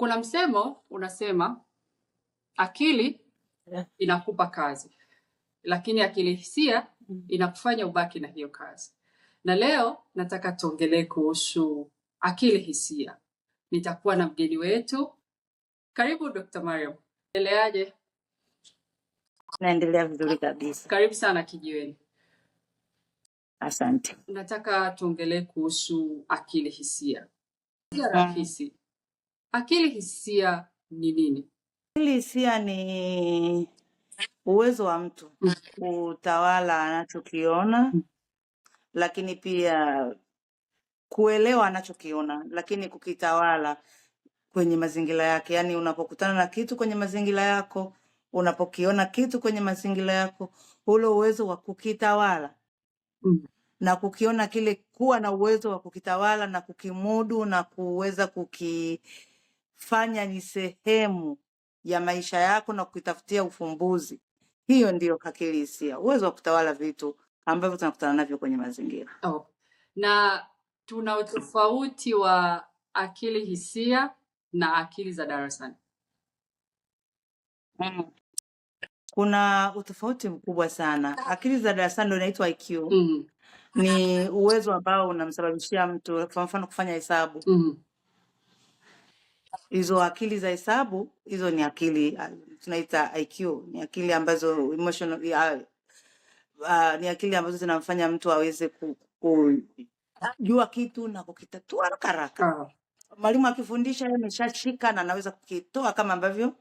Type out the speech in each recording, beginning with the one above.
Kuna msemo unasema akili eh. inakupa kazi, lakini akili hisia mm-hmm. inakufanya ubaki na hiyo kazi. Na leo nataka tuongelee kuhusu akili hisia. Nitakuwa na mgeni wetu. Karibu Dr. Mariam, endeleaje? Naendelea vizuri kabisa. Karibu sana kijiweni. Asante. Nataka tuongelee kuhusu akili hisia. Hisia mm. rahisi Akili hisia ni nini? Akili hisia ni uwezo wa mtu mm. kutawala anachokiona, mm. lakini pia kuelewa anachokiona, lakini kukitawala kwenye mazingira yake. Yaani, unapokutana na kitu kwenye mazingira yako, unapokiona kitu kwenye mazingira yako, ule uwezo wa kukitawala mm. na kukiona kile, kuwa na uwezo wa kukitawala na kukimudu na kuweza kuki fanya ni sehemu ya maisha yako na kuitafutia ufumbuzi. Hiyo ndiyo akili hisia, uwezo wa kutawala vitu ambavyo tunakutana navyo kwenye mazingira. Oh. Na tuna utofauti wa akili hisia na akili za darasani. Mm. Kuna utofauti mkubwa sana. Akili za darasani ndo inaitwa IQ. Mm. Mm-hmm. Ni uwezo ambao unamsababishia mtu kwa mfano kufanya hesabu. Mm. Hizo akili za hesabu hizo ni akili ah, tunaita IQ, ni akili ambazo emotional, uh, ah, ni akili ambazo zinamfanya mtu aweze kujua kitu na kukitatua haraka haraka. Ah, Mwalimu akifundisha yeye ameshashika na anaweza kukitoa kama ambavyo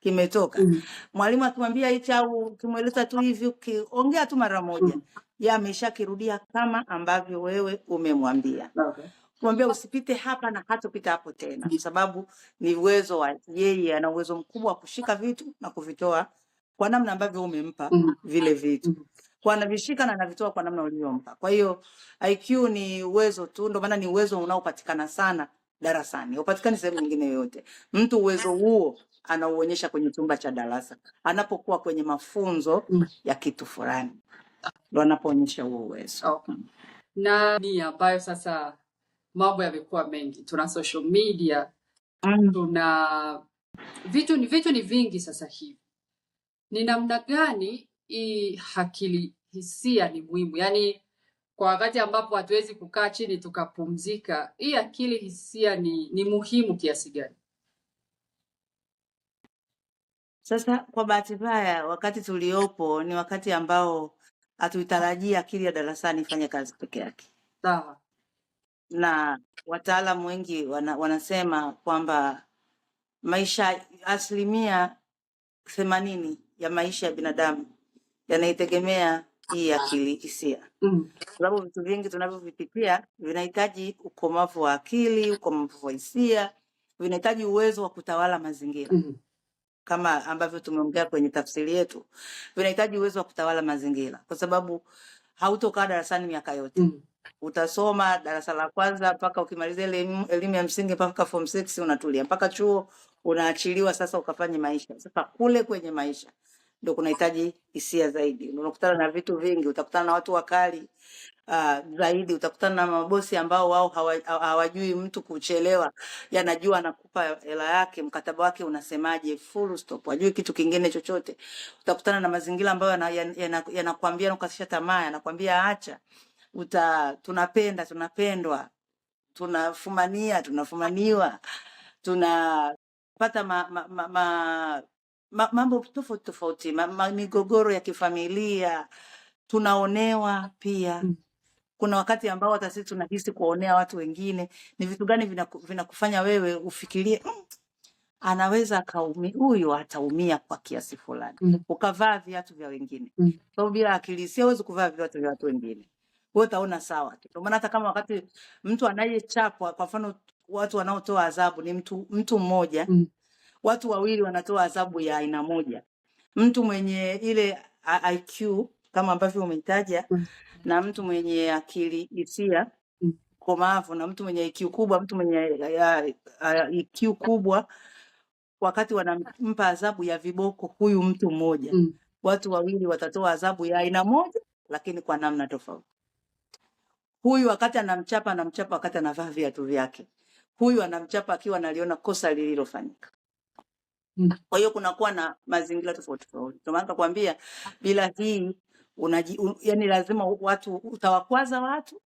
kimetoka. mm, Mwalimu akimwambia hichi au kimweleza tu hivi, ukiongea tu mara moja, mm, yeye ameshakirudia kama ambavyo wewe umemwambia. okay kumwambia usipite hapa na hatopita hapo tena, kwa mm. sababu ni uwezo wa yeye, ana uwezo mkubwa wa kushika vitu na kuvitoa kwa namna ambavyo umempa mm. vile vitu mm. kwa anavishika na anavitoa kwa namna uliyompa. Kwa hiyo IQ ni uwezo tu, ndio maana ni uwezo unaopatikana sana darasani, upatikani sehemu nyingine yoyote. Mtu uwezo huo anauonyesha kwenye chumba cha darasa, anapokuwa kwenye mafunzo ya kitu fulani, ndo anapoonyesha huo uwezo. Okay. na ni ambayo sasa mambo yamekuwa mengi, tuna social media mm. tuna vitu ni vitu ni vingi sasa hivi. Ni namna gani hii akili hisia ni muhimu, yaani kwa wakati ambapo hatuwezi kukaa chini tukapumzika, hii akili hisia ni, ni muhimu kiasi gani? Sasa kwa bahati mbaya, wakati tuliopo ni wakati ambao hatuitarajii akili ya darasani ifanye kazi peke yake. Sawa na wataalamu wengi wana, wanasema kwamba maisha asilimia themanini ya maisha ya binadamu yanaitegemea hii akili hisia, mm. sababu vitu vingi tunavyovipitia vinahitaji ukomavu wa akili, ukomavu wa hisia, vinahitaji uwezo wa kutawala mazingira mm -hmm. kama ambavyo tumeongea kwenye tafsiri yetu, vinahitaji uwezo wa kutawala mazingira, kwa sababu hautokaa darasani miaka yote mm utasoma darasa la kwanza mpaka ukimaliza ile elimu ya msingi mpaka form 6 unatulia, mpaka chuo unaachiliwa sasa ukafanye maisha. Sasa kule kwenye maisha ndio kunahitaji hisia zaidi. Unakutana na vitu vingi, utakutana na watu wakali uh, zaidi, utakutana na mabosi ambao wao hawa- hawajui mtu kuchelewa, yanajua anakupa hela yake, mkataba wake unasemaje, full stop, hajui kitu kingine chochote. Utakutana na mazingira ambayo yanakwambia yana, yana, yana, yanakukatisha tamaa, yanakwambia acha uta tunapenda tunapendwa tunafumania tunafumaniwa tunapata ma, ma, ma, ma, ma, mambo tofauti tofauti ma, ma, migogoro ya kifamilia tunaonewa pia mm. Kuna wakati ambao hata sisi tunahisi kuonea watu wengine. Ni vitu gani vinakufanya vina wewe ufikirie mm, anaweza akaumia huyu, ataumia kwa kiasi fulani mm. Ukavaa viatu vya wengine mm. Sababu bila akili si huwezi kuvaa viatu vya watu wengine kwa hiyo utaona sawa. Ndio maana hata kama wakati mtu anayechapwa, kwa mfano watu wanaotoa adhabu ni mtu mtu mmoja, mm. watu wawili wanatoa adhabu ya aina moja. Mtu mwenye ile IQ kama ambavyo umetaja mm. na mtu mwenye akili hisia mm. komavu na mtu mwenye IQ kubwa, mtu mwenye IQ kubwa wakati wanampa adhabu ya viboko huyu mtu mmoja, mm. watu wawili watatoa adhabu ya aina moja, lakini kwa namna tofauti. Huyu wakati anamchapa anamchapa wakati anavaa viatu vyake, huyu anamchapa akiwa analiona kosa lililofanyika. Mm. Kwa hiyo kunakuwa na mazingira tofauti tofauti, ndio maana nakwambia bila hii unaji, un, yani lazima watu utawakwaza watu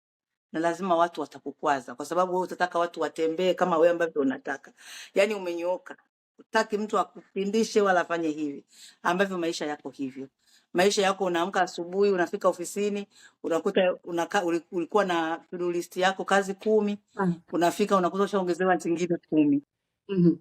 na lazima watu watakukwaza, kwa sababu wewe utataka watu watembee kama wewe ambavyo unataka, yani umenyooka, utaki mtu akupindishe wala afanye hivi ambavyo maisha yako hivyo maisha yako. Unaamka asubuhi, unafika ofisini, unakuta unaka, ulikuwa na to-do list yako kazi kumi, Mm. unafika unakuta ushaongezewa zingine kumi mhm.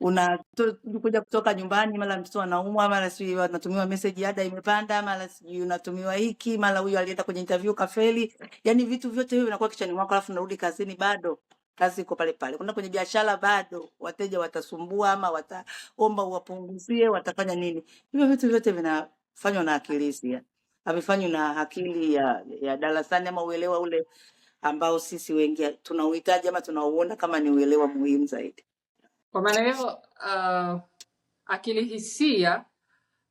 Unakuja kutoka nyumbani, mara mtoto anaumwa, mara sijui unatumiwa meseji ada imepanda, mara sijui unatumiwa hiki, mara huyu alienda kwenye interview kafeli. Yani vitu vyote hivi vinakuwa kichwani mwako, alafu narudi kazini bado kazi iko pale pale. Kuna kwenye biashara bado wateja watasumbua, ama wataomba uwapunguzie, watafanya nini. Hivyo vitu vyote vina fanywa na akili hisia, havifanywi na akili ya, ya darasani ama uelewa ule ambao sisi wengi tunauhitaji ama tunauona kama ni uelewa muhimu zaidi. Kwa maana hiyo uh, akili hisia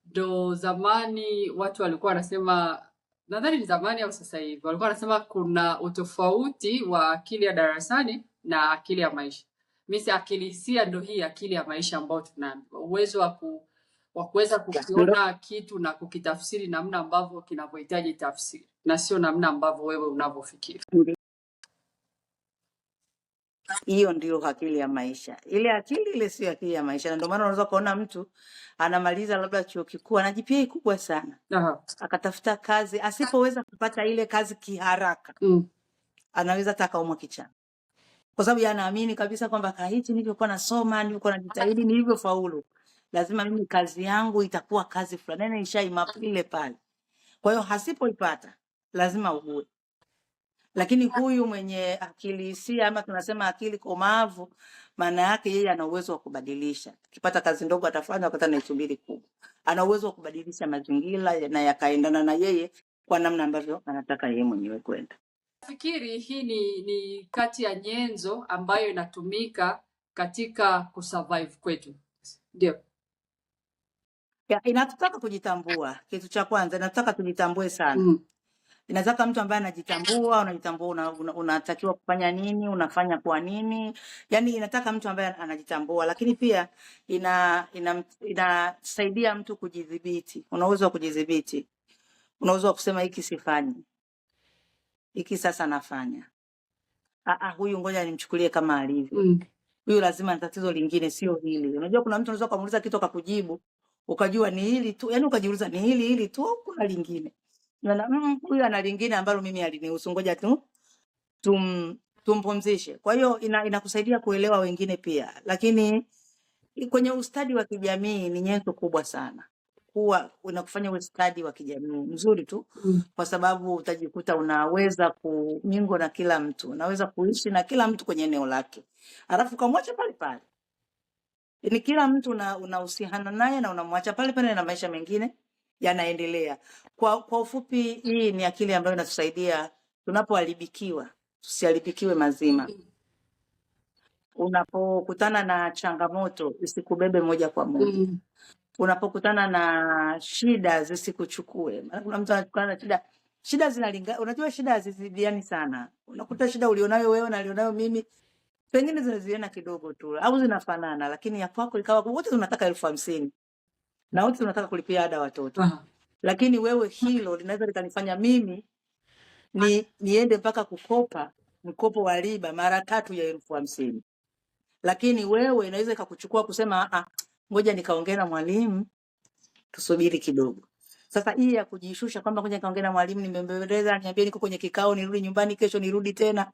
ndo zamani watu walikuwa wanasema, nadhani ni zamani au sasa hivi, walikuwa wanasema kuna utofauti wa akili ya darasani na akili ya maisha. Mimi akili hisia ndo hii akili ya maisha ambayo tuna uwezo wa ku wa kuweza kukiona kitu na kukitafsiri namna ambavyo kinavyohitaji tafsiri na sio namna ambavyo wewe unavyofikiri. Hiyo ndio akili ya maisha. Ile akili ile sio akili ya maisha, na ndio maana unaweza kuona mtu anamaliza labda chuo kikuu ana GPA kubwa sana Aha. akatafuta kazi, asipoweza kupata ile kazi kiharaka mm. anaweza taka umwa kichana, kwa sababu anaamini kabisa kwamba ah, hichi nilivyokuwa nasoma, nilivyokuwa najitahidi, nilivyofaulu lazima mimi kazi yangu itakuwa kazi fulani, yani ah. ile pale. Kwa hiyo hasipoipata lazima ugue. Lakini ah. huyu mwenye akili hisia ama tunasema akili komavu, maana yake yeye ana uwezo wa kubadilisha. Akipata kazi ndogo atafanya, akata na isubiri kubwa, ana uwezo wa kubadilisha mazingira na yakaendana na yeye kwa namna ambavyo anataka yeye mwenyewe kwenda. Nafikiri hii ni, ni kati ya nyenzo ambayo inatumika katika kusurvive kwetu, ndio. Ya, inatutaka eh, kujitambua. Kitu cha kwanza inatutaka tujitambue sana. Mm. Inataka mtu ambaye anajitambua, unajitambua una, una, unatakiwa kufanya nini, unafanya kwa nini. Yaani inataka mtu ambaye anajitambua, lakini pia ina inasaidia ina, ina mtu kujidhibiti. Una uwezo wa kujidhibiti. Una uwezo wa kusema hiki sifanyi. Hiki sasa nafanya. Ah, ah, huyu ngoja nimchukulie kama alivyo. Mm. Huyu lazima na tatizo lingine sio hili. Unajua kuna mtu anaweza kumuuliza kitu akakujibu ukajua ni hili tu, yani ukajiuliza ni hili hili tu, kuna lingine na mm, huyu ana lingine ambalo mimi alinihusu, ngoja tu tum, tumpumzishe. Kwa hiyo ina, inakusaidia kuelewa wengine pia, lakini kwenye ustadi wa kijamii ni nyenzo kubwa sana kuwa unakufanya uwe stadi wa kijamii mzuri tu, mm. kwa sababu utajikuta unaweza kumingo na kila mtu, unaweza kuishi na kila mtu kwenye eneo lake, alafu kamwacha pale pale ni kila mtu unahusiana naye na unamwacha pale pale na maisha mengine yanaendelea. Kwa, kwa ufupi hii ni akili ambayo inatusaidia tunapoharibikiwa tusiharibikiwe mazima. Unapokutana na changamoto zisikubebe moja kwa moja. Mm. Unapokutana na shida zisikuchukue. Maana kuna mtu anakutana na shida, shida zinalinga, Unajua shida hazizidiani sana. Unakuta shida ulionayo wewe na alionayo mimi pengine zinaziana kidogo tu au zinafanana, lakini ya kwako ikawa wote tunataka elfu hamsini na wote tunataka kulipia ada watoto Aha. Lakini wewe hilo linaweza likanifanya mimi ni, niende mpaka kukopa mkopo wa riba mara tatu ya elfu hamsini lakini wewe inaweza ikakuchukua kusema ah, ah ngoja nikaongee na mwalimu tusubiri kidogo. Sasa hii ya kujishusha kwamba ngoja nikaongea na mwalimu, nimembeleza, niambie niko kwenye kikao, nirudi nyumbani kesho, nirudi tena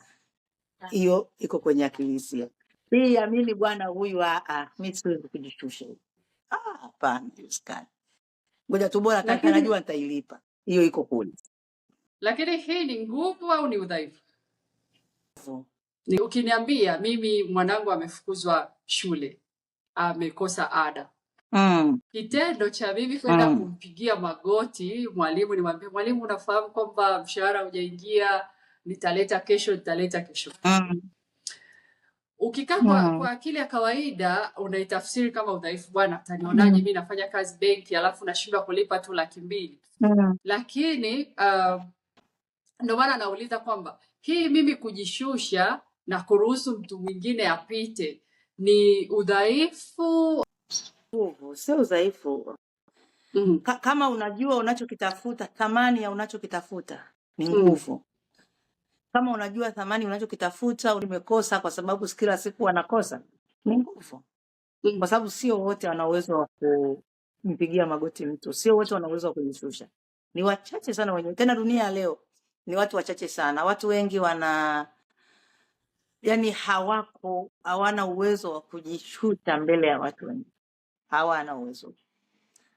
hiyo iko kwenye akilisia. Pia mimi bwana huyu, a a ah, mimi siwezi kujishusha Ah, hapana, iwezekani. Ngoja tu bora kaka, najua nitailipa hiyo, iko kule. lakini hii ni nguvu au ni udhaifu? Ni- Ukiniambia mimi mwanangu amefukuzwa shule, amekosa ada, mm, kitendo cha mimi kwenda mm. kumpigia magoti mwalimu, nimwambie mwalimu, unafahamu kwamba mshahara hujaingia, nitaleta kesho, nitaleta kesho mm. Ukikaa kwa, kwa akili ya kawaida unaitafsiri kama udhaifu, bwana tanionaje mm. mi nafanya kazi benki alafu nashindwa kulipa tu laki mbili mm. Lakini uh, ndio maana nauliza kwamba hii mimi kujishusha na kuruhusu mtu mwingine apite ni udhaifu? Sio udhaifu. mm. Kama unajua unachokitafuta, thamani ya unachokitafuta ni mm. nguvu mm. Kama unajua thamani unachokitafuta umekosa, kwa sababu kila siku wanakosa ni nguvu, kwa sababu sio wote wana uwezo wa kumpigia magoti mtu, sio wote wana uwezo wa kujishusha. Ni wachache sana wenye, tena dunia ya leo ni watu wachache sana. Watu wengi wana yani hawako hawana uwezo wa kujishuta mbele ya watu wengi, hawana uwezo.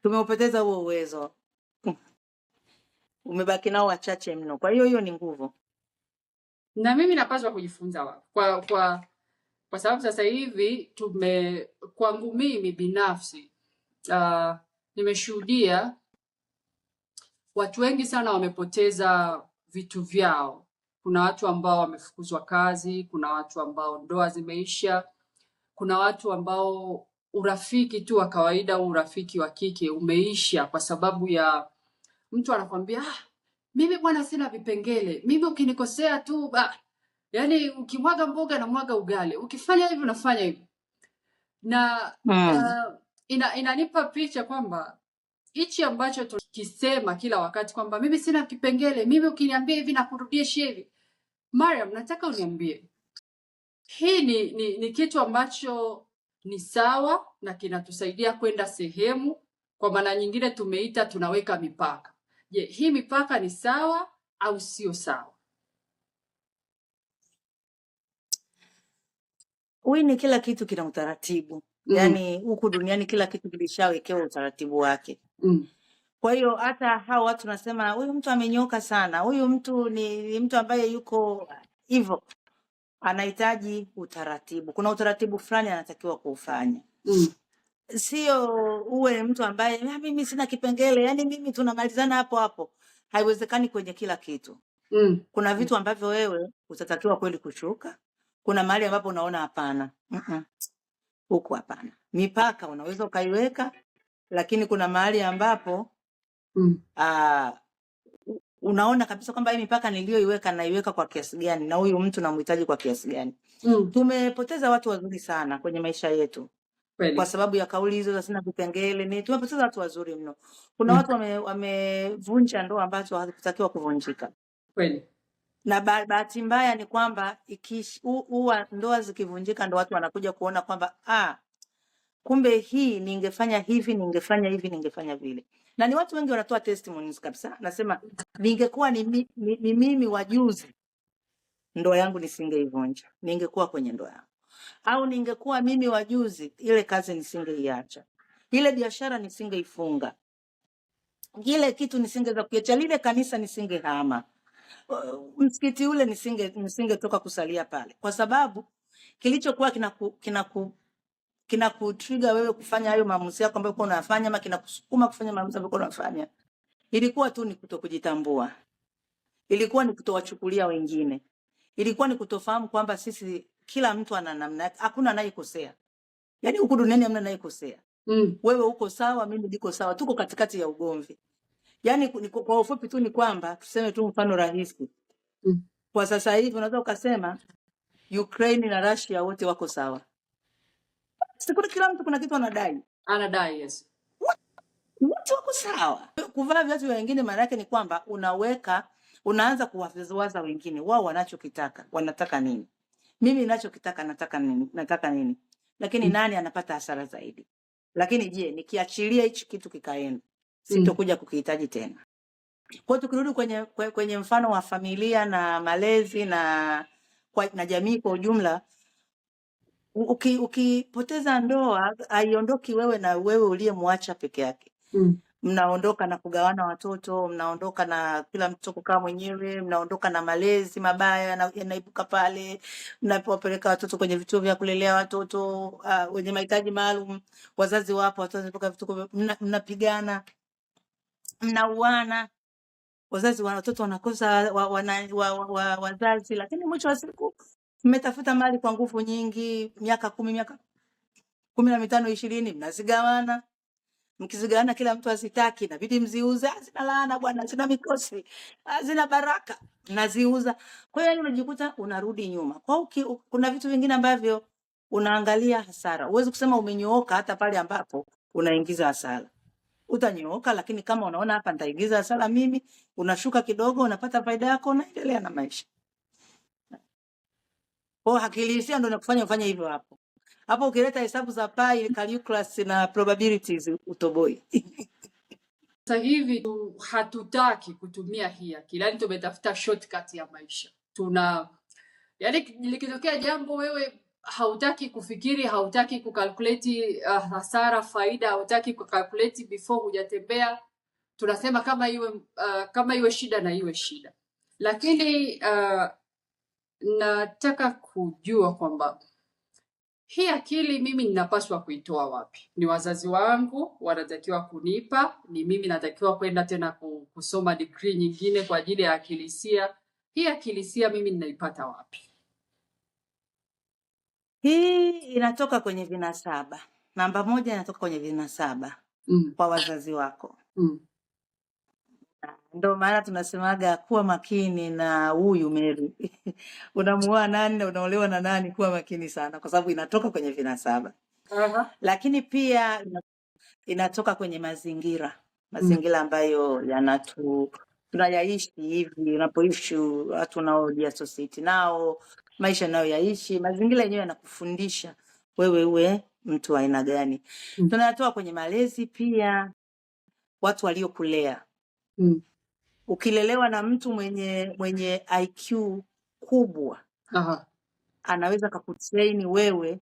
Tumeupoteza huo uwezo, umebaki nao wachache mno. Kwa hiyo hiyo ni nguvu na mimi napaswa kujifunza wapi? Kwa, kwa, kwa sababu sasa hivi tume, kwangu mimi binafsi uh, nimeshuhudia watu wengi sana wamepoteza vitu vyao. Kuna watu ambao wamefukuzwa kazi, kuna watu ambao ndoa zimeisha, kuna watu ambao urafiki tu wa kawaida, urafiki wa kike umeisha kwa sababu ya mtu anakwambia ah, mimi bwana sina vipengele. Mimi ukinikosea tu ba, yani ukimwaga mboga na mwaga ugali, ukifanya hivyo nafanya hivyo na mm. uh, ina, inanipa picha kwamba hichi ambacho tukisema kila wakati kwamba mimi sina kipengele, mimi ukiniambia hivi nakurudishia hivi. Mariam, nataka uniambie hii ni, ni, ni kitu ambacho ni sawa na kinatusaidia kwenda sehemu, kwa maana nyingine tumeita tunaweka mipaka je, hii mipaka ni sawa au sio sawa? Wini, kila kitu kina utaratibu mm. Yaani huku duniani kila kitu kilishawekewa utaratibu wake mm. Kwa hiyo hata hao watu nasema huyu mtu amenyoka sana, huyu mtu ni, ni mtu ambaye yuko hivyo, anahitaji utaratibu. Kuna utaratibu fulani anatakiwa kuufanya mm. Sio uwe mtu ambaye "Ah, mimi sina kipengele, yani mimi tunamalizana hapo hapo. Haiwezekani kwenye kila kitu. Mm. Kuna mm. vitu ambavyo wewe utatakiwa kweli kushuka. Kuna mahali ambapo unaona hapana, mm-mm, huku hapana. Mipaka unaweza ukaiweka, lakini kuna mahali ambapo Mm. ah, unaona kabisa kwamba hii mipaka niliyoiweka naiweka kwa kiasi gani na huyu mtu namhitaji kwa kiasi gani. Mm. Tumepoteza watu wazuri sana kwenye maisha yetu Kweli. kwa sababu ya kauli hizo za sina vipengele ni tumepoteza watu wazuri mno. Kuna mm. watu wame- wamevunja ndoa ambazo hazikutakiwa kuvunjika, na ba- bahati mbaya ni kwamba ikish- huwa ndoa zikivunjika ndo watu wanakuja kuona kwamba ah, kumbe hii ningefanya hivi, ningefanya hivi, ningefanya vile. Na ni watu wengi wanatoa testimonies kabisa, nasema ningekuwa ni, ni, ni mimi wajuzi ndoa yangu nisingeivunja, ningekuwa kwenye ndoa yangu au ningekuwa mimi wajuzi, ile kazi nisingeiacha, ile biashara nisingeifunga, ile kitu nisingeweza kukiacha, lile kanisa nisingehama, uh, msikiti ule nisinge nisingetoka kusalia pale, kwa sababu kilichokuwa kinaku kinaku kinakutriga wewe kufanya hayo maamuzi yako ambayo unafanya ama kinakusukuma kufanya maamuzi ambayo unafanya, ilikuwa tu ni kutokujitambua, ilikuwa ni kutowachukulia wengine, ilikuwa ni kutofahamu kwamba sisi kila mtu ana namna yake, hakuna anayekosea. Yaani huku duniani hamna anayekosea. Mm. Wewe uko sawa, mimi niko sawa, tuko katikati ya ugomvi. Yaani kwa ufupi tu ni kwamba tuseme tu mfano rahisi. Mm. Kwa sasa hivi unaweza ukasema Ukraine na Russia wote wako sawa. Sikuna kila mtu kuna kitu anadai. Anadai, yes. Wote wako sawa. Kuvaa viatu vya wengine maana yake ni kwamba unaweka unaanza kuwafizuaza wengine wao wanachokitaka, wanataka nini? mimi ninachokitaka nataka nini, nataka nini, lakini mm. nani anapata hasara zaidi? Lakini je, nikiachilia hichi kitu kikaenda, mm. sitokuja kukihitaji tena. Kwa hiyo tukirudi kwenye, kwenye mfano wa familia na malezi na, kwa, na jamii kwa ujumla ukipoteza uki, ndoa haiondoki wewe na wewe uliyemwacha peke yake mm mnaondoka na kugawana watoto, mnaondoka na kila mtoto kukaa mwenyewe, mnaondoka na malezi mabaya na- yanaibuka pale mnapowapeleka watoto kwenye vituo vya kulelea watoto uh, wenye mahitaji maalum. Wazazi wapo, watoto wanatoka vituko, mna- mnapigana, mnauana, wazazi wa watoto wanakosa wa, wa, wa, wa, wa, wazazi, lakini mwisho wa siku mmetafuta mali kwa nguvu nyingi, miaka kumi, miaka kumi na mitano, ishirini, mnazigawana mkizigawana kila mtu azitaki, inabidi mziuze. Zina laana bwana, zina mikosi, zina baraka, naziuza. Kwa hiyo unajikuta unarudi nyuma kwa uki, kuna vitu vingine ambavyo unaangalia hasara. uwezi kusema umenyooka hata pale ambapo unaingiza hasara. Utanyooka, lakini kama unaona hapa nitaingiza hasara mimi, unashuka kidogo, unapata faida yako, unaendelea na maisha. Kwa hakilisia ndio nakufanya ufanye hivyo hapo. Hapo ukileta hesabu za pi, calculus na probabilities utoboi. Sasa hivi hatutaki kutumia hii akili, yaani tumetafuta shortcut ya maisha. Tuna yaani likitokea jambo wewe hautaki kufikiri, hautaki kukalkuleti uh, ah, hasara faida, hautaki kukalkuleti before hujatembea. Tunasema kama iwe uh, kama iwe shida na iwe shida, lakini uh, nataka kujua kwamba hii akili mimi ninapaswa kuitoa wapi? Ni wazazi wangu wanatakiwa kunipa? Ni mimi natakiwa kwenda tena kusoma degree nyingine kwa ajili ya akilisia? Hii akilisia mimi ninaipata wapi? Hii inatoka kwenye vinasaba. Namba moja inatoka kwenye vinasaba mm. kwa wazazi wako mm ndo maana tunasemaga kuwa makini na huyu Meru. Unamuoa nani na unaolewa na nani, kuwa makini sana, kwa sababu inatoka kwenye vinasaba, -huh. lakini pia inatoka kwenye mazingira, Mm. mazingira ambayo yanatu tunayaishi hivi, unapoishi watu unaojiasosieti nao, maisha unayoyaishi, mazingira yenyewe yanakufundisha wewe uwe mtu wa aina gani. Mm. Tunayatoa kwenye malezi pia, watu waliokulea Mm. Ukilelewa na mtu mwenye mwenye IQ kubwa Aha. anaweza kakutrain wewe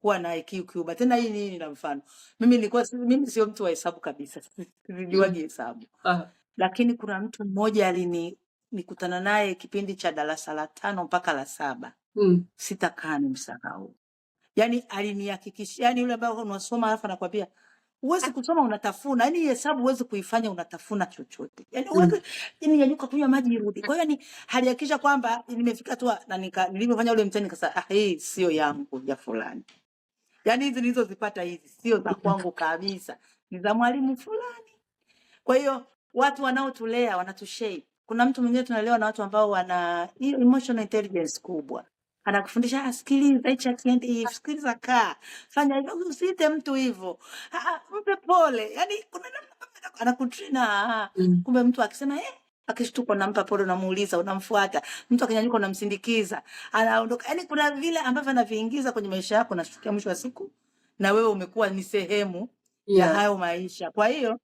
kuwa na IQ kubwa. Tena hii nini na mfano, mimi nilikuwa mimi sio mtu wa hesabu kabisa, sijuagi Mm. hesabu, lakini kuna mtu mmoja alini nikutana naye kipindi cha darasa la tano mpaka la saba, Mm. sitakaa msahau, Yani alinihakikishia, yani yule ambaye unasoma alafu anakwambia Huwezi kusoma unatafuna, yani hesabu huwezi kuifanya unatafuna chochote, yaani mm. yani nyanyuka kunywa maji irudi. Kwa hiyo ni yaani halihakikisha kwamba nimefika tu na nika nilivyofanya ule mtani kasa, ah, hii sio yangu ya fulani, yani hizi nilizozipata hizi sio za kwangu kabisa, ni za mwalimu fulani. Kwa hiyo watu wanaotulea wanatushape. Kuna mtu mwingine tunalewa na watu ambao wana emotional intelligence kubwa anakufundisha "Ah, sikiliza hichi akiendi hivi, sikiliza kaa, fanya hivyo." Usite mtu hivyo, ah, ah, mpe pole. Yani kuna namna anakutrina. Ah, mm. kumbe mtu akisema eh, akishtuka unampa pole, unamuuliza, unamfuata. Mtu akinyanyuka unamsindikiza, anaondoka. Yani kuna vile ambavyo anaviingiza kwenye maisha yako, na kufikia mwisho wa siku na wewe umekuwa ni sehemu ya Yeah. hayo maisha. Kwa hiyo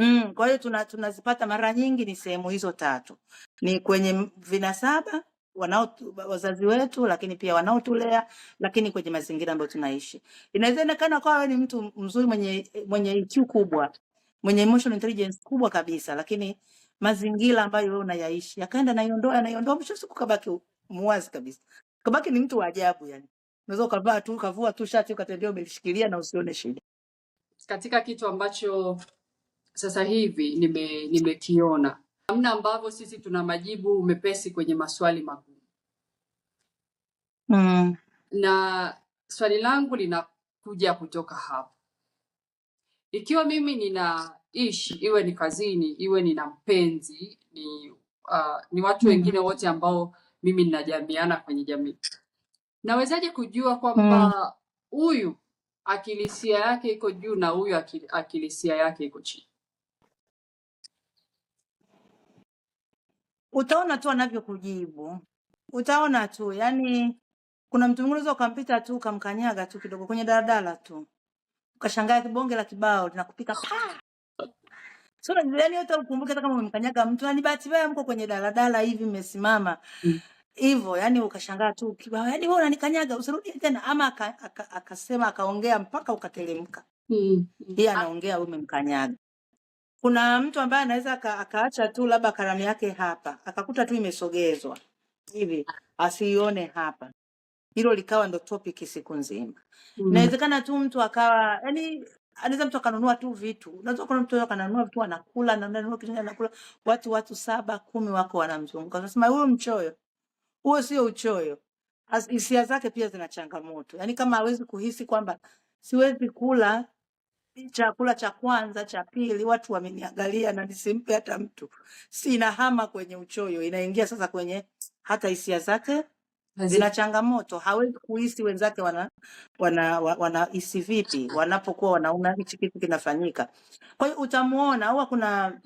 Mm, kwa hiyo tunazipata tuna mara nyingi ni sehemu hizo tatu. Ni kwenye vinasaba wanao wazazi wetu, lakini pia wanaotulea, lakini kwenye mazingira ambayo tunaishi. Inaweza onekana kwa ni mtu mzuri mwenye mwenye IQ kubwa, mwenye emotional intelligence kubwa kabisa, lakini mazingira ambayo wewe unayaishi yakaenda na naiondoa, mwisho siku kabaki muwazi kabisa, kabaki ni mtu wa ajabu yani. Unaweza ukavaa tu ukavua tu shati ukatembea umelishikilia na usione shida. Katika kitu ambacho sasa hivi nimekiona, nime nimekiona namna ambavyo sisi tuna majibu mepesi kwenye maswali makubwa mm. na swali langu linakuja kutoka hapo, ikiwa mimi ninaishi, iwe ni kazini, iwe nina mpenzi ni, uh, ni watu mm. wengine wote ambao mimi ninajamiana kwenye jamii, nawezaje kujua kwamba mm. huyu mm. akilisia yake iko juu na huyu akilisia yake iko chini? Utaona tu anavyokujibu, utaona tu yani kuna mtu mwingine unaweza ukampita tu ukamkanyaga tu kidogo kwenye daladala tu, ukashangaa kibonge la kibao linakupita pa. So na yani, hata ukumbuke hata kama umemkanyaga mtu, na ni bahati mbaya mko kwenye daladala hivi mmesimama hivyo, mm. yani ukashangaa tu kibao, yani wewe unanikanyaga, usirudi tena, ama akasema aka, aka, akaongea mpaka ukateremka. Mm. Yeye ah. anaongea wewe umemkanyaga. Kuna mtu ambaye anaweza akaacha tu labda karamu yake hapa akakuta tu imesogezwa hivi asiione hapa hilo likawa ndo topic siku nzima. Mm. Inawezekana tu mtu akawa yani anaweza mtu akanunua tu vitu. Unaweza kuna mtu akanunua vitu anakula na ananunua kitu anakula. Watu watu saba kumi wako wanamzunguka. Unasema huyo mchoyo. Huo sio uchoyo. Hisia zake pia zina changamoto. yani kama hawezi kuhisi kwamba siwezi kula chakula cha kwanza cha pili, watu wameniangalia na nisimpe hata mtu, sina hama kwenye uchoyo, inaingia sasa kwenye hata hisia zake zina changamoto, hawezi kuhisi wenzake wana wana wanahisi vipi wanapokuwa wanaona hichi kitu kinafanyika. Kwa hiyo utamuona, huwa kuna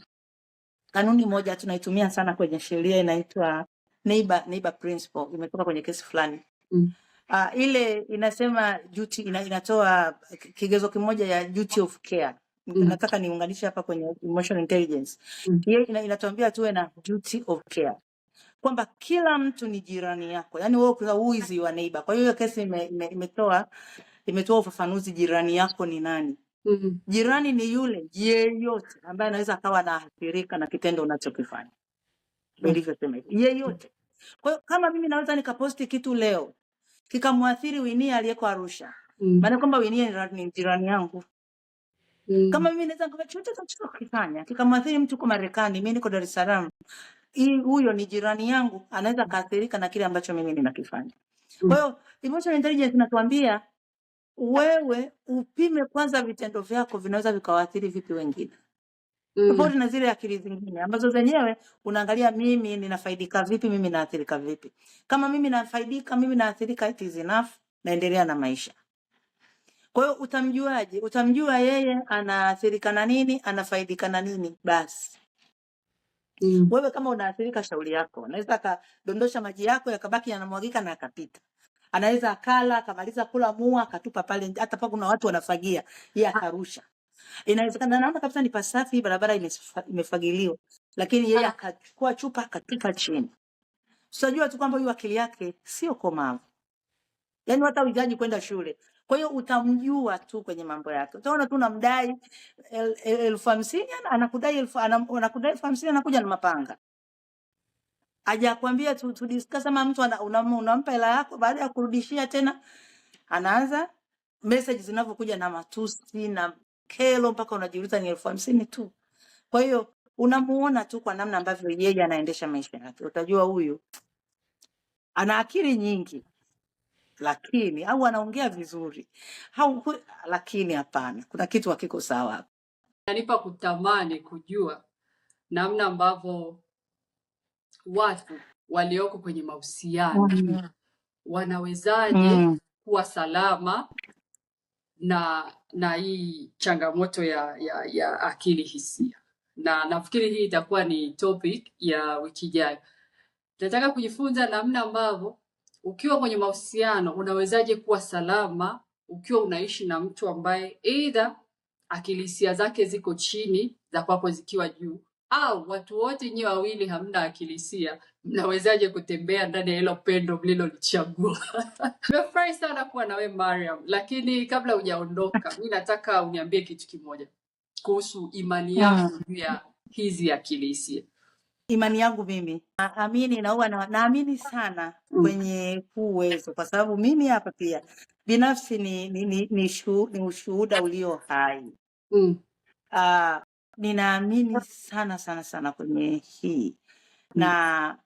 kanuni moja tunaitumia sana kwenye sheria inaitwa neighbor neighbor principle, imetoka kwenye kesi fulani mm. Uh, ile inasema duty ina, inatoa kigezo kimoja ya duty of care mm. Nataka niunganishe hapa kwenye emotional intelligence mm. ina, inatuambia tuwe na duty of care kwamba kila mtu ni jirani yako, yani wewe ukiwa uizi wa neiba. Kwa hiyo kesi imetoa imetoa ufafanuzi, jirani yako ni nani? mm -hmm. Jirani ni yule yeyote ambaye anaweza akawa anaathirika na kitendo unachokifanya mm. nilivyosema mm hivi, yeyote. Kwa hiyo kama mimi naweza nikaposti kitu leo kikamwathiri Winia aliyeko Arusha, mm. maana mm. hmm kwamba Winia ni jirani yangu mm. hmm Kama mimi naweza nikafanya chochote nachokifanya kikamwathiri mtu kwa Marekani, mimi niko Dar es Salaam hii huyo ni jirani yangu, anaweza kaathirika na kile ambacho mimi ninakifanya. Mm. Kwa hiyo emotional intelligence inatuambia wewe upime kwanza vitendo vyako vinaweza vikawaathiri vipi wengine, Mm. tofauti na zile akili zingine ambazo zenyewe unaangalia mimi ninafaidika vipi, mimi naathirika vipi. Kama mimi nafaidika, mimi naathirika, it is enough, naendelea na maisha. Kwa hiyo utamjuaje? Utamjua yeye anaathirika na nini, anafaidika na nini basi Mm. Wewe kama unaathirika shauri yako, anaweza akadondosha maji yako yakabaki yanamwagika na akapita. Anaweza akala akamaliza kula mua akatupa pale, hata pa kuna watu wanafagia yeye ah. akarusha. Inawezekana naona kabisa ni pasafi, barabara imefagiliwa, lakini yeye ah. akachukua chupa akatupa chini. Tunajua tu kwamba huyu akili yake sio komavu, yaani hata ujaji kwenda shule, kwa hiyo utamjua tu kwenye mambo yake, utaona tu unamdai el- elfu hamsini anakudai elfu anakudai elfu hamsini anakuja na mapanga hajakwambia tu, tu discuss ama mtu ana- unam- unampa hela yako, baada ya kurudishia tena anaanza message zinavyokuja na matusi na kelo, mpaka unajiuliza ni elfu hamsini tu. Kwa hiyo unamuona tu kwa namna ambavyo yeye anaendesha maisha yake, utajua huyu ana akili nyingi lakini au anaongea vizuri au lakini hapana, kuna kitu hakiko sawa. Nanipa kutamani kujua namna ambavyo watu walioko kwenye mahusiano mm. wanawezaje mm. kuwa salama na na hii changamoto ya, ya, ya akili hisia, na nafikiri hii itakuwa ni topic ya wiki ijayo. Nataka kujifunza namna ambavyo ukiwa kwenye mahusiano unawezaje kuwa salama ukiwa unaishi na mtu ambaye eidha akili hisia zake ziko chini za kwako zikiwa juu, au watu wote nyie wawili hamna akilisia mnawezaje kutembea ndani ya hilo pendo mlilolichagua? Nimefurahi sana kuwa nawe Mariam, lakini kabla hujaondoka, mi nataka uniambie kitu kimoja kuhusu imani yako ah. juu ya hizi akili imani yangu mimi naamini na huwa na- naamini sana mm. kwenye huu uwezo, kwa sababu mimi hapa pia binafsi ni, ni, ni, ni, shu, ni ushuhuda ulio hai. Mm. Uh, ninaamini sana sana sana kwenye hii mm. na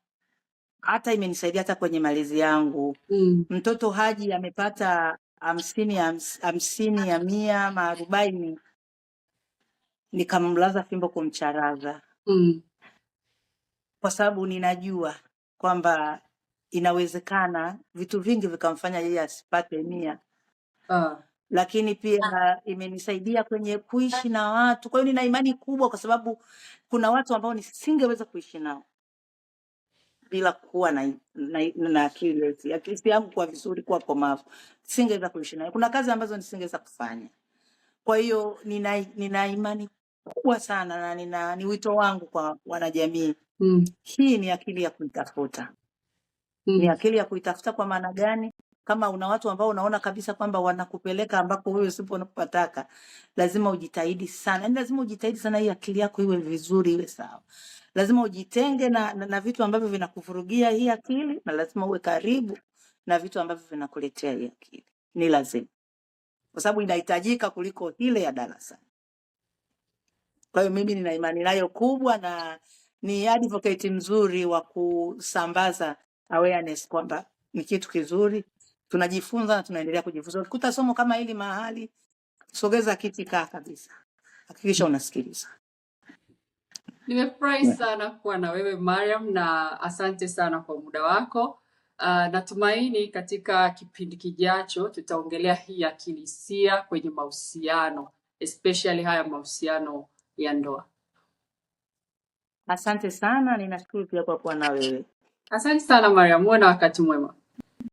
hata imenisaidia hata kwenye malezi yangu. Mm. Mtoto haji amepata hamsini ya hamsini ya mia ama arobaini, nikamlaza fimbo kumcharaza. Mm kwa sababu ninajua kwamba inawezekana vitu vingi vikamfanya yeye asipate mia uh. Ah. lakini pia ah. imenisaidia kwenye kuishi na watu. Kwa hiyo nina imani kubwa, kwa sababu kuna watu ambao nisingeweza kuishi nao bila kuwa na, na, na akili Akili yangu kuwa vizuri, kuwa komavu, singeweza kuishi nayo. Kuna kazi ambazo nisingeweza kufanya. Kwa hiyo nina, nina imani kubwa sana na nina, ni wito wangu kwa wanajamii mm. Hii ni akili ya kuitafuta mm. Ni akili ya kuitafuta kwa maana gani? Kama una watu ambao unaona kabisa kwamba wanakupeleka ambako wewe usipo unapotaka, lazima ujitahidi sana, ni yaani lazima ujitahidi sana, hii akili yako iwe vizuri, iwe sawa. Lazima ujitenge na, na, na vitu ambavyo vinakuvurugia hii akili, na lazima uwe karibu na vitu ambavyo vinakuletea hii akili. Ni lazima, kwa sababu inahitajika kuliko ile ya darasani. Kwa hiyo mimi nina imani nayo kubwa, na ni advocate mzuri wa kusambaza awareness kwamba ni kitu kizuri, tunajifunza na tunaendelea kujifunza. Ukikuta somo kama hili mahali, sogeza kiti, kaa kabisa, hakikisha unasikiliza. Nimefurahi sana kuwa na wewe Mariam, na asante sana kwa muda wako. Uh, natumaini katika kipindi kijacho tutaongelea hii akili hisia kwenye mahusiano especially haya mahusiano ya ndoa. Asante sana, ninashukuru pia kwa kuwa na wewe. Asante sana Mariam, uwe na wakati mwema.